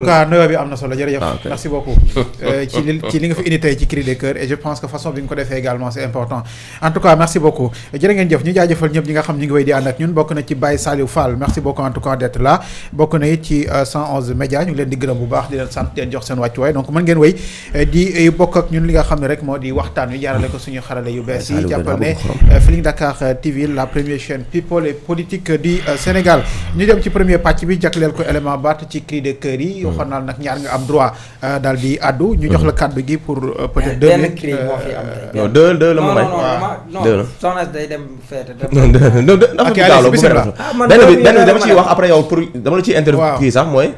en tout cas nawet bi am na ah, merci beaucoup euh, ci li ci li nga fi indi tey ci cri de cœur et je pense que façon bi nga ko defee également c'est important en tout cas merci beaucoup jërë ngeen jëf ñu jaajëfal ñëpp ñi ñu euh, leen di gërëm bu baax di leen sant di leen jox seen wàccuwaay donc mën ngeen wéy euh, di bokk ak ñun li nga xam ne rek moo di waxtaan wi jaarale ko suñu xarale yu bees yi jàppal ne Feeling Dakar TV la première chaîne people et politique du Sénégal ñu dem ci premier pàcc bi jagleel ko élément baat ci cri yi waxoon hmm. naa nag ñaar nga am droit euh, daal di àddu. ñu jox la hmm. kàddu gi pour euh, peut-être. deux minutes benn moo euh, fi am deux deux la mu may. non non soxna day dem feete. non non dafa gaaw ah, benn bi benn bi dama ciy wax après yow pour dama la ciy interview kii sax mooy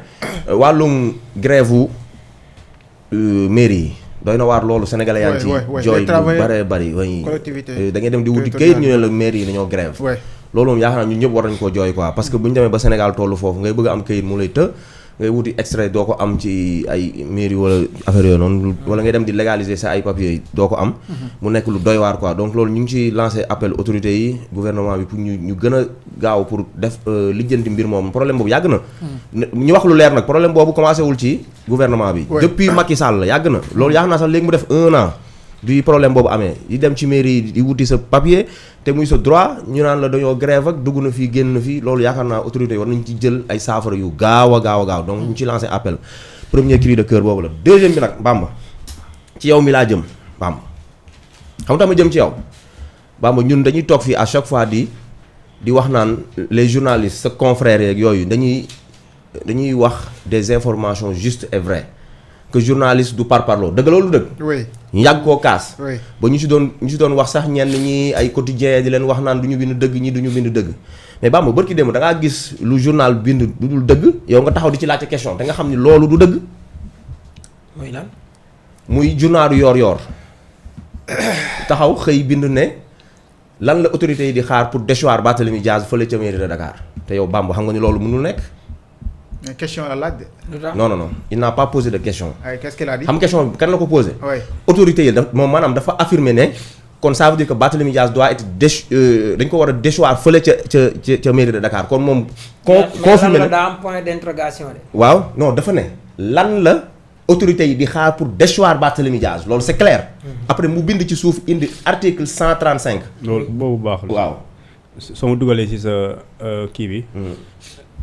wàllum grève wu mairie yi. doy na waar loolu sénégalais yaa ngi ci jooy bu bare bari da ngay dem di wuti kayit ñu ne la maire yi dañoo grève loolu moom yaakaar naa ñun ñëpp war nañ koo jooy quoi parce que bu ñu demee ba Sénégal tollu foofu ngay bëgg a am kayit mu lay të ngay wuti extrait doo ko am ci ay mairie wala affaire yooyu noonu. wala ngay dem di légaliser sa ay papiers doo ko am. Mhm. mu nekk lu doy waar quoi donc loolu ñu ngi ciy lancé appel autorités yi gouvernement bi pour ñu ñu gën a gaaw pour def euh, lijjanti mbir moom problème boobu yàgg na. Hmm. ñu wax lu leer nag problème boobu commencé ci gouvernement bi. depuis Macky Sall yàgg na loolu yàgg naa sax léegi mu def un an. bi problème boobu amee yi dem ci mairie yi di wuti sa papier te muy sa droit ñu naan la dañoo grève ak dugg na fii génn na fii loolu yaakaar naa autorité war nañ ci jël ay saafara yu gaaw gaaw a donc ci lancé appel premier cri de cœur boobu la deuxième bi nag Bamba ci yow mi laa jëm Bamba xam nga ma jëm ci yow Bamba ñun dañuy toog fii à chaque fois di di wax naan les journalistes sa confrères yooyu dañuy dañuy wax des informations justes et vraies que journaliste du par dëgg loolu dëgg. oui ñu yàgg koo kaas. ba ñu si doon ñu si doon wax sax ñenn ñi ay quotidien di leen wax naan du ñu bind dëgg ñi du ñu bind dëgg. mais Bamba bërki démb da ngaa gis lu journal bind du dul dëgg yow nga taxaw di ci laajte question te nga xam ni loolu du dëgg. mooy lan muy journal yoor yoor taxaw xëy bind ne lan la autorités yi di xaar pour déchoir Barthélémy Dias fële ca mairie Dakar te yow Bamba xam nga ni loolu mënul nekk. mais question la laaj de. non non il n'a pas posé de question. ay qu'est-ce qu'il a dit. xam question bi kan la ko posé. autorité yi daf moom maanaam dafa affirmer ne. kon ça veut dire que Barthélémy Dias euh, dañ ko war a déchoir fële ca ca ca ca mairie de Dakar kon moom. con confirmé na daa am point d'interrogation waaw non dafa ne lan la autorité yi di xaar pour déchoir Barthélémy Dias loolu c'est clair. Mm-hmm. après mu bind ci suuf indi cent article 135. loolu boobu baaxul. waaw soo ma dugalee ci sa euh, kii bi. Mm.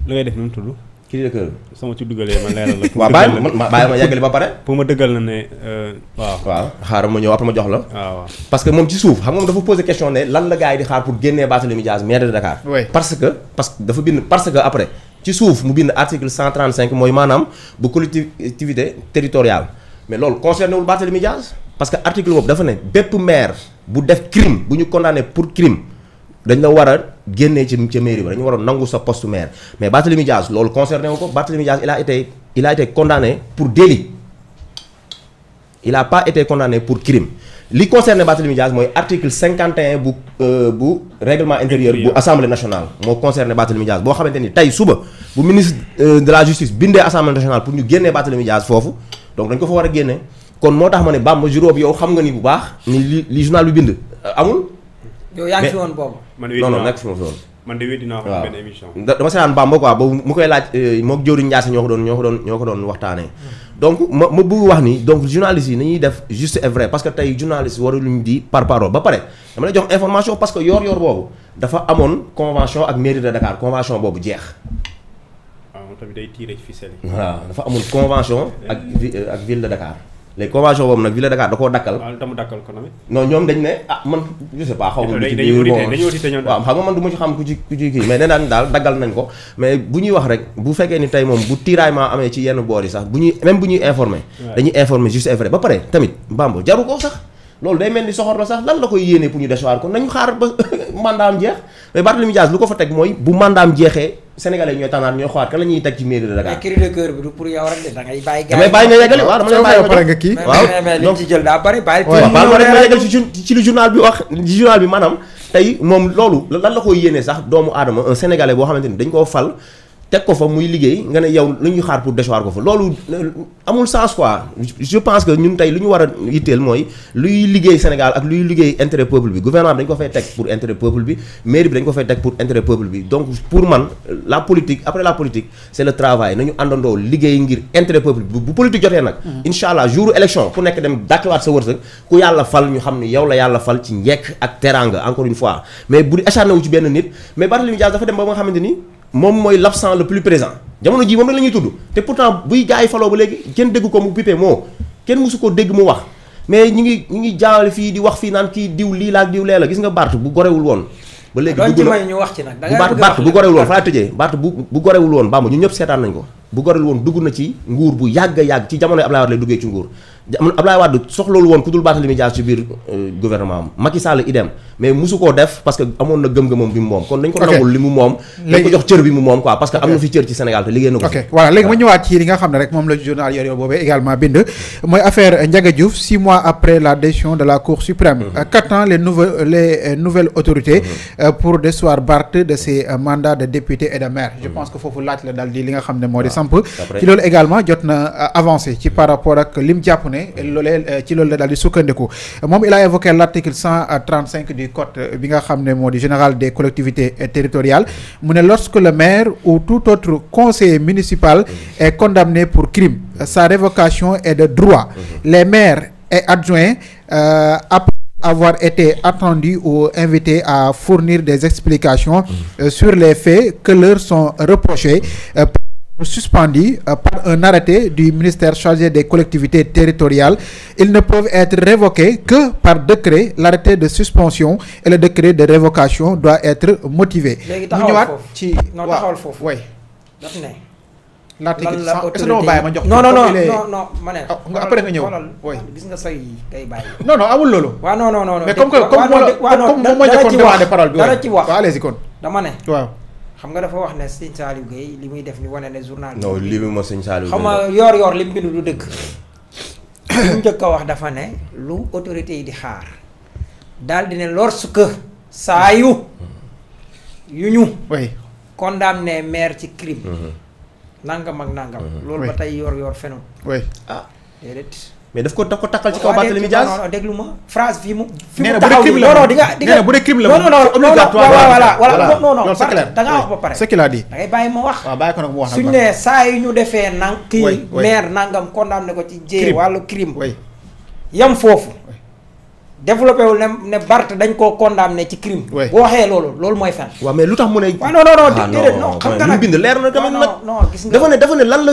li ngay def ni mu cri de cœur sama ci dugalee man leeral la. waaw bàyyi ma bàyyi ma yàggale ba pare. pour ma dëggal na ne euh, waaw. waaw xaaral ma ñëw après ma jox la. Ah, waaw parce que moom ci suuf xam nga dafa posé question ne lan la gars yi di xaar pour génnee Barthélémy Dias maire de Dakar. parce que parce que dafa bind parce que après ci suuf mu bind article 135 mooy maanaam bu collectivité territoriale mais loolu concerné wul Barthélémy Dias parce que article boobu dafa ne bépp maire bu def crime pour crime génnee ci ca mairie ba dañu waroon nangu sa poste maire mais Barthélémy Dias loolu concerné wu ko Barthélémy Dias il a été il été condamné pour délit il a pas été condamné pour crime li concerné Barthélémy Dias mooy article 51 bu euh, bu règlement intérieur bu assemblée nationale moo concerné Barthélémy Dias boo xamante ni tey suba bu ministre euh, de la justice bindee assemblée nationale pour ñu génnee Barthélémy Dias foofu donc dañ ko fa war a génne kon moo tax ma ne Bamba juróom yow xam nga ni bu baax ni li li journal bi bind amul yow yaa woon boobu man non non nekk fi ma fi woon. man de wéy dinaa émission. dama seetaan Bamba quoi boobu mu koy laaj moog Diouroupé Ndiassé ñoo ko doon ñoo ko doon ñoo ko doon waxtaanee. Mm. donc ma ma bëgg wax ni donc journaliste yi nañuy def juste et vrai parce que tey journaliste waruñu di par parole ba pare dama lay jox information parce que yor-yor boobu dafa amoon convention ak mairie de Dakar convention boobu jeex. waaw ah, moom tamit day tiiree ci ficelle dafa amoon convention ak eh. euh, ak ville de Dakar. léegi convention boobu nag ville de da koo dakkal. waaw ko tamit. non ñoom dañ ne ah man je sais pas. xaw ma lu ci biir man du ma ci xam ku ci kii mais nee daal daggal nañ ko mais bu ñuy wax rek bu fekkee ni tey moom bu tiraillement amee ci yenn boor yi sax bu ñuy même bu ñuy informé dañuy informer juste et ba pare tamit Bamba jaru ko sax loolu day mel ni soxor la sax lan la koy yéene pour ñu déchoir ko nañu xaar ba mandaam jeex mais Barthélémy Dias lu ko fa teg mooy bu mandaam jeexee sénégalais ñoo tànnaat ñooy xoolaat kan la ñuy teg ci mairie de Dakar. mais da ngay bàyyi. damay bàyyi nga yegale waaw dama bàyyi nga pare ci jël bi wax ci journal bi maanaam tey moom loolu lan la koy yéene sax doomu aadama un boo xamante ni dañ koo fal teg ko fa muy liggéey nga ne yow lu ñuy xaar pour déchoir ko fa loolu euh, amul sens quoi je pense que ñun tey lu ñu war a yitteel mooy luy liggéey Sénégal ak luy liggéey intérêt peuple bi gouvernement bi dañ ko fay teg pour intérêt peuple bi mairie bi dañ ko fay teg pour bi donc pour man la politique après la politique c'est le travail nañu àndandoo liggéey ngir intérêt peuple bi bu politique jotee nag mm-hmm. incha allah jour élection ku nekk dem dàkkiwaat sa wërsëg ku yàlla fal ñu xam ne yow la yàlla fal ci njekk ak teranga encore une mais bu acharné wu ci benn nit mais Barthélémy Dias dem ba nga xamante ni moom mooy l'absent le plus présent jamono ji moom la ñuy tudd te pourtant buy gars yi faloo ba léegi kenn dégg ko mu pipé moo kenn mosu ko dégg mu wax mais ñu ngi ñu ngi jaawale fii di wax fii naan kii diw lii laa ak diw lee la gis nga Barth bu gorewul woon ba léegi ñu wax ci nag Barth bu gorewul woon fa laa tëjee Barth bu bu gorewul woon Bamba ñu ñëpp seetaan nañ ko bu gorewul woon dugg na ci nguur bu yàgg yàgg ci jamono Abdoulaye Wade lay duggee ci nguur Abdoulaye Wade soxloolu woon ku dul Barthélémy Dias ci biir euh, gouvernement am Macky Sall idem mais musu koo def parce que amoon na gëm-gëmam bi mu moom kon dañ ko nangul li mu moom dañ ko jox cër bi mu moom quoi parce que am na fi cër ci Sénégal te liggéey na ko ok voilà léegi ma ñëwaat ci li nga xam ne rek moom la journal yor yor boobee également bind mooy affaire Ndiaga Diouf six mois après la décision de la Cour suprême mm-hmm. quatre ans les nouvelles les euh, nouvelles autorités mm-hmm. euh, pour décevoir Barth de ses mandats de député et de maire je mm-hmm. pense que foofu laaj la daal di li nga xam ne moo di samp ci loolu également jot na avancé ci par rapport ak lim jàpp ne amee loolee eh, ci loolu la sukkandiku moom il a évoqué l' article euh, du code euh, bi nga xam ne moo di général des collectivités euh, territoriales mu ne lorsque le maire ou tout autre conseiller municipal est condamné pour crime sa révocation est de droit mmh. les maires et adjoints euh, après avoir été attendus ou invité à fournir des explications mmh. euh, sur les faits que leur sont reprochés suspendus euh, par un arrêté du ministère chargé des collectivités territoriales. Ils ne peuvent être révoqués que par décret. L'arrêté de suspension et le décret de révocation doit être motivé. mu ñëwaat ci foofu oui. daf ne. l'article est-ce que bàyyi jox non non non non ma oh, nga après nga ñëw gis nga say kay bàyyi. non non amul loolu. mais comme comme moom moo njëkkoon demandé parole dara ci wax allez-y kon dama waaw. xam nga dafa wax ne sëñ Saliou Gueye li muy def ni wane ne journal bi. non li mu ma sëñ Saliou xam nga yor-yor li mu bind du dëgg. li mu njëkk wax dafa ne lu autorité yi di xaar daal di ne lorsque saa yu yu ñu. oui condamné maire ci crime. Mhm. nangam ak nangam. Mhm. loolu ba tey yor-yor fenn. oui ah déedéet. mais daf ko daf ko takkal ci kaw Barthélémy Dias non non déglu ma phrase fii mu. fi mu taxaw nii non non di nga di nga nee na bu dee crime la moom obligatoire voilà voilà non non c'est clair da ngaa wax ba pare. ce qu'il a dit da ngay bàyyi ma wax. waaw bàyyi ko nag mu wax nag suñu nee saa yu ñu defee nang kii maire nangam condamné ko ci jee wàllu crime yam foofu développé wul ne ne Barth dañ koo condamné ci crime. boo waxee loolu loolu mooy fen. waaw mais lu tax mu ne. waaw non non non ah, déedéet non xam nga nag bind leer na tamit nag. non gis nga dafa ne dafa ne lan la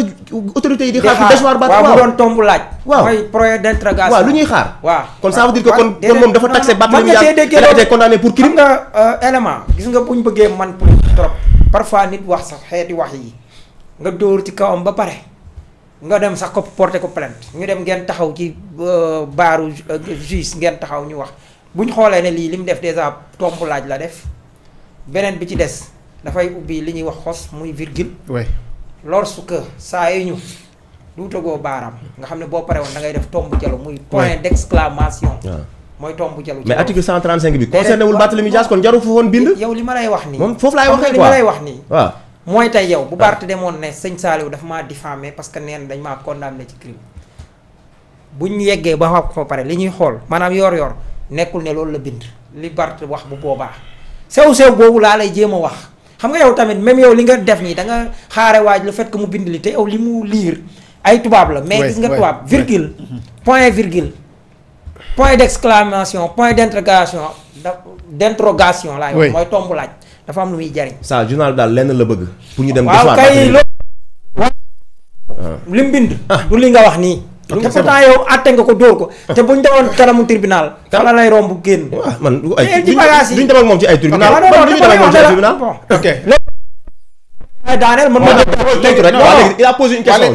autorité yi di xaar. di lu ñuy xaar. waaw kon ça veut dire que kon kon moom dafa taxé Barth. mën nga see déggee loolu été condamné pour crime. nga euh, élément. gis nga bu ñu bëggee man pour trop. parfois nit wax sax xeeti wax yi nga dóor ci kawam ba pare. nga dem sax ko porté ko plainte ñu dem ngeen taxaw ci euh, baaru euh, juge ngeen taxaw ñu wax bu xoolee ne lii li mu def déjà tomb laaj la def beneen bi ci des dafay ubbi li ñuy wax xos muy virgule. oui lorsque saa yi ñu duutagoo baaraam nga xam ne boo paree woon da ngay def tomb jalo muy point d'exclamation. mooy tomb jalu mais article 135 bi concerné wul Barthélémy kon jaru fa woon bind. yow li ma lay wax nii foofu laay waxee quoi ma lay wax nii waaw. mooy tey yow bu ah. Barth demoon ne sëñ Saliou dafa maa diffamé parce que neen dañ maa condamné ci crime buñ yeggee ba wax ko pare li ñuy xool maanaam yor-yor nekkul ne loolu la bind li Barth wax bu boobaa sew sew boobu laa lay jéem a wax. xam nga yow tamit même yow li nga def nii danga nga xaare waaj lu fait que mu bind li te yow li mu liir ay tubaab la. mais gis nga tubaab virgule. point virgule. point d'exclamation point d'interrogation d'interrogation laay wax. mooy laaj. dafa am lu muy jariñ. saa journal bi daal lenn la bëgg. pour ñu dem waaw kay loolu. Ah. li mu bind. Ah. du li nga wax nii. te pourtant yow àtte nga ko dóor ko. Ah. te bu ñu demoon kanamu tribunal. fala lay romb génn. man ay duñ duñ dem moom ci ay tribunal. man duñu dem ak moom ci ay tribunal. ok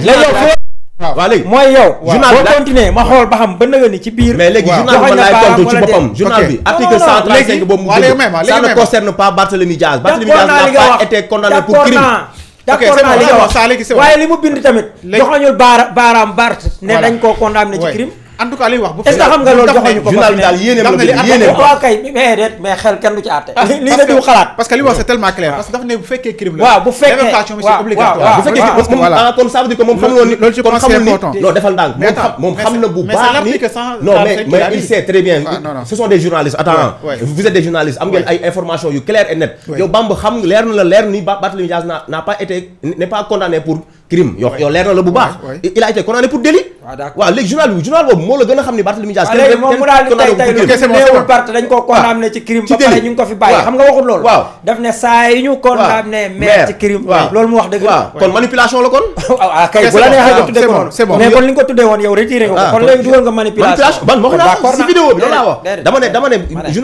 léegi. waaw léegi mooy yow. journal bi boo continuer ma xool ba xam ba nëgë ni ci biir. mais léegi journal bi laay tontu ci boppam journal bi. article waaye li mu bind tamit. léegi joxoñul baara baaraam Barth. ne dañ koo condamné ci crime. en tout wax bu fekkee est-ce que xam nga loolu joxuñu bi daal yéeneem mais xel kenn du ci àtte ah, lii la diw xalaat parce que li wax c'est tellement clair parce bu fekkee crime la waaw ah, kon ça veut dire moom xam na bu baax ni non mais il sait très bien ah, ce sont des journalistes attends vous êtes des journalistes am ngeen ay informations yu claires et nettes yow Bamba xam leer na la leer ni Barthélémy Dias n'a pas été n'est pas condamné pour crime yow leer na la bu baax ah d'accord léegi journal bi journal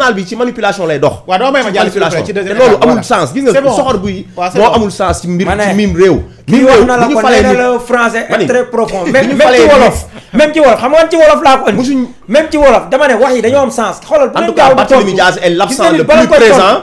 a bi ci manipulation lay dox loolu amul sens gis soxor buy moo amul sens ci mbir ci mim réew mim réew bu ñu falee nit français très profond wolof même ci wolof xam nga ci wolof laa ko indi. mosuñ même ci wolof dama ne wax yi dañoo am sens. xoolal bu leen gaaw a tontu en tout cas Barthélémy Dias est l'absent le plus présent.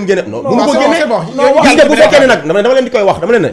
dem génne non mënu ko génne gis nga bu nag dama leen di koy wax dama leen ne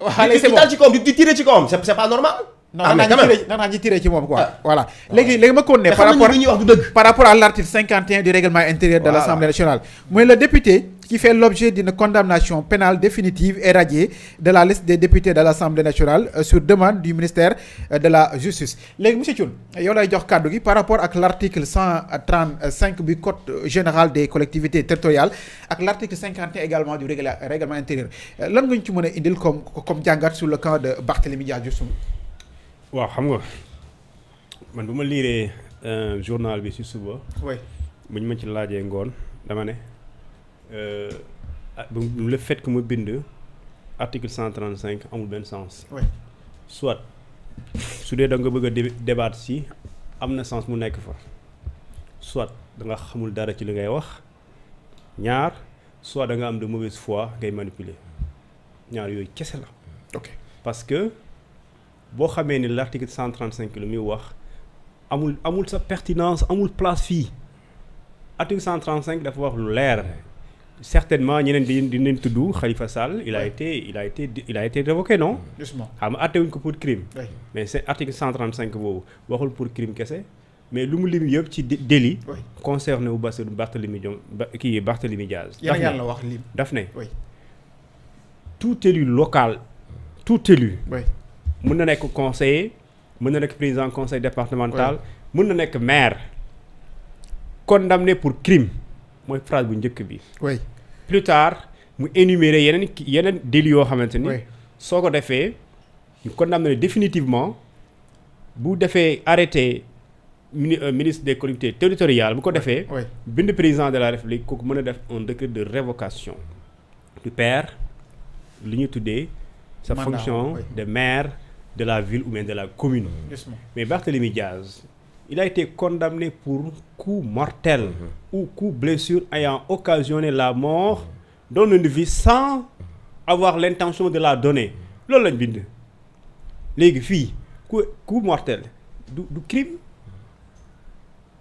waaw léegi c'est bon di dal ci kawam c'est pas normal. ah mais quand même ndax ci moom quoi. Ah. voilà léegi léegi ma continuer. par par rapport à l' article cinquante et un du règlement intérieur. de l' assemblée nationale. mooy le député qui fait l' objet d' une condamnation pénale définitive est radié de la liste des députés de l' assemblée nationale euh, sur demande du ministère euh, de la justice. léegi monsieur Thioune yow lay jox kàddu gi par rapport ak l' article cent trente cinq du code général des collectivités territoriales ak l' article également du règlement intérieur euh, lan nga ci mën a indil comme comme jàngat sur le camp de Barthélémy Dias waaw xam nga man bu ma liiree euh, journal bi si suba. oui bu ñu ma ci laajee ngoon dama ne euh, le fait que ma bind article 135 amul benn sens. soit su dee da nga bëgg a débat si am na sens mu nekk fa soit da xamul dara ci li ngay wax ñaar soit da nga am de mauvaise foi ngay manipuler ñaar yooyu kese la. ok parce boo xamee ni l' article 135 lu muy wax amul amul sa pertinence amul place fii article 135 dafa wax lu leer certainement ñeneen di dinañ tudd Khalifa Sall il a été il a été il a été révoqué non. Mm. justement xam nga àtte wuñ ko pour crime. mais c'est article 135 boobu waxul pour crime kese mais lu mu lim yëpp ci délit. concerné wu Bassirou Barthélemy Diom kii Barthélemy Diaz. yàlla na wax lim daf ne tout élu local tout élu. mën na nekk conseiller mën na nekk président conseil départemental. mën na nekk maire. condamné pour crime mooy phrase bu njëkk bi. plus tard mu énumérer yeneen yeneen délits yoo xamante ni. soo ko defee ñu condamné définitivement bu defee arrêté. Euh, ministre de collectivités territorial bu ko defee bind président de la république kooku mën a def un décret de révocation tu perds li ñu tuddee sa fonction de maire de la ville ou de la commune. Mais Barthélémy Diaz, il a été condamné pour coup mortel mhm. ou coup blessure ayant occasionné la mort donne une vie sans avoir l'intention de la donner. loolu lañ bind léegi fii coup coup mortel du du crime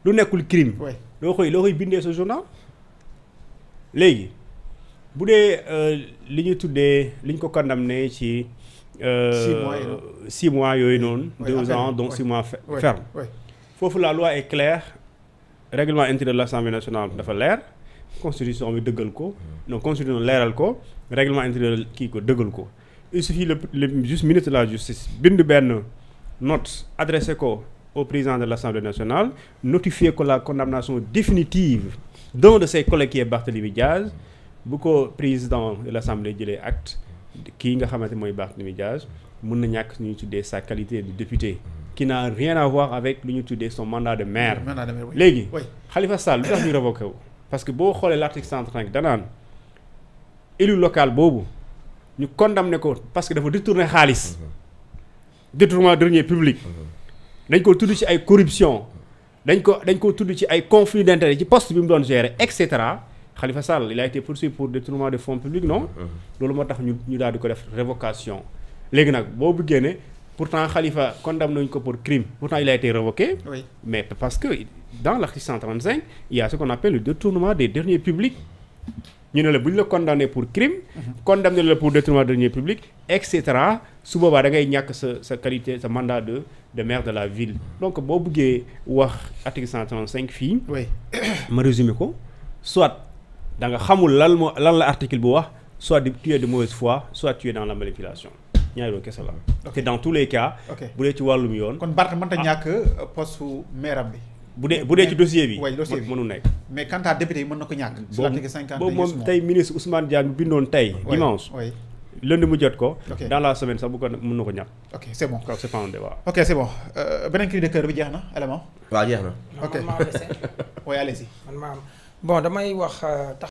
lu nekkul crime. loo koy loo koy bindee sa journal léegi bu dee euh, li ñu tuddee li ñu ko condamné ci. Euh, six mois mois yooyu noonu. deux ans donc six mois ferme. foofu la loi est claire règlement intérieur de l'Assemblée nationale dafa leer constitution bi dëggal ko donc constitution leeral ko règlement intérieur kii ko dëggal ko il suffit le le juste la justice bindu benn note adressé ko au président de l'Assemblée nationale notifier ko la condamnation définitive d'un de ses collègues qui est bi Diaz bu ko président de l'Assemblée jëlee acte. kii nga xamante mooy baax Barthélémy Dias mën na ñàkk ñu tuddee sa qualité de député qui n'a rien à voir avec lu ñu tuddee so mandat de maire léegi Khalifa Sall lu tax ñu révoqué parce que boo xoolee l'article 135 danaan élu local boobu ñu condamné ko parce que dafa détourné xaalis mm-hmm. détournement de deniers publics mm-hmm. dañ ko tudd ci ay corruption dañ ko dañ ko tudd ci ay conflit d'intérêt ci post bi mu doon gérer et cetera xalifa Sall il a été poursuivi pour détournement de fonds publics non. Uh-huh, uh-huh. loolu moo tax ñu ñu daal di ko def révocation. léegi nag boo bëggee ne pourtant Khalifa condamné nañu ko pour crime pourtant il a été révoqué. mais parce que dans l'article 135 il y a ce qu'on appelle le détournement des deniers publics. ñu ne la bu ñu la condamné pour crime. Uh-huh. condamné la pour détournement de deniers publics et cetera su boobaa dangay ñàkk sa sa qualité sa mandat de de maire de la ville. donc boo bëggee wax article 135 fii. ma résumé ko da nga xamul lan moo lan la article bu wax soit tu es de mauvaise foi soit tu es dans la manipulation ñaari loolu kese la. te dans tous les cas. bu dee ci wàllum yoon. kon Barth mënta ah. ñàkk euh, poste su maire am bi. bu dee bu dee ci dossier bi waaye dossier bi mënu nekk. mais quant à député yi mën na ko ñàkk. sur l'article cinquante boobu moom tey ministre Ousmane Diagne bindoon tey. dimanche lundi mu jot ko. dans la semaine sax bu ko mën na ko ñàkk. ok c'est bon kooku c'est pas un débat. ok c'est bon euh, beneen cri de cœur bi jeex na élément. waaw jeex na. ok man maa am bon damay wax euh,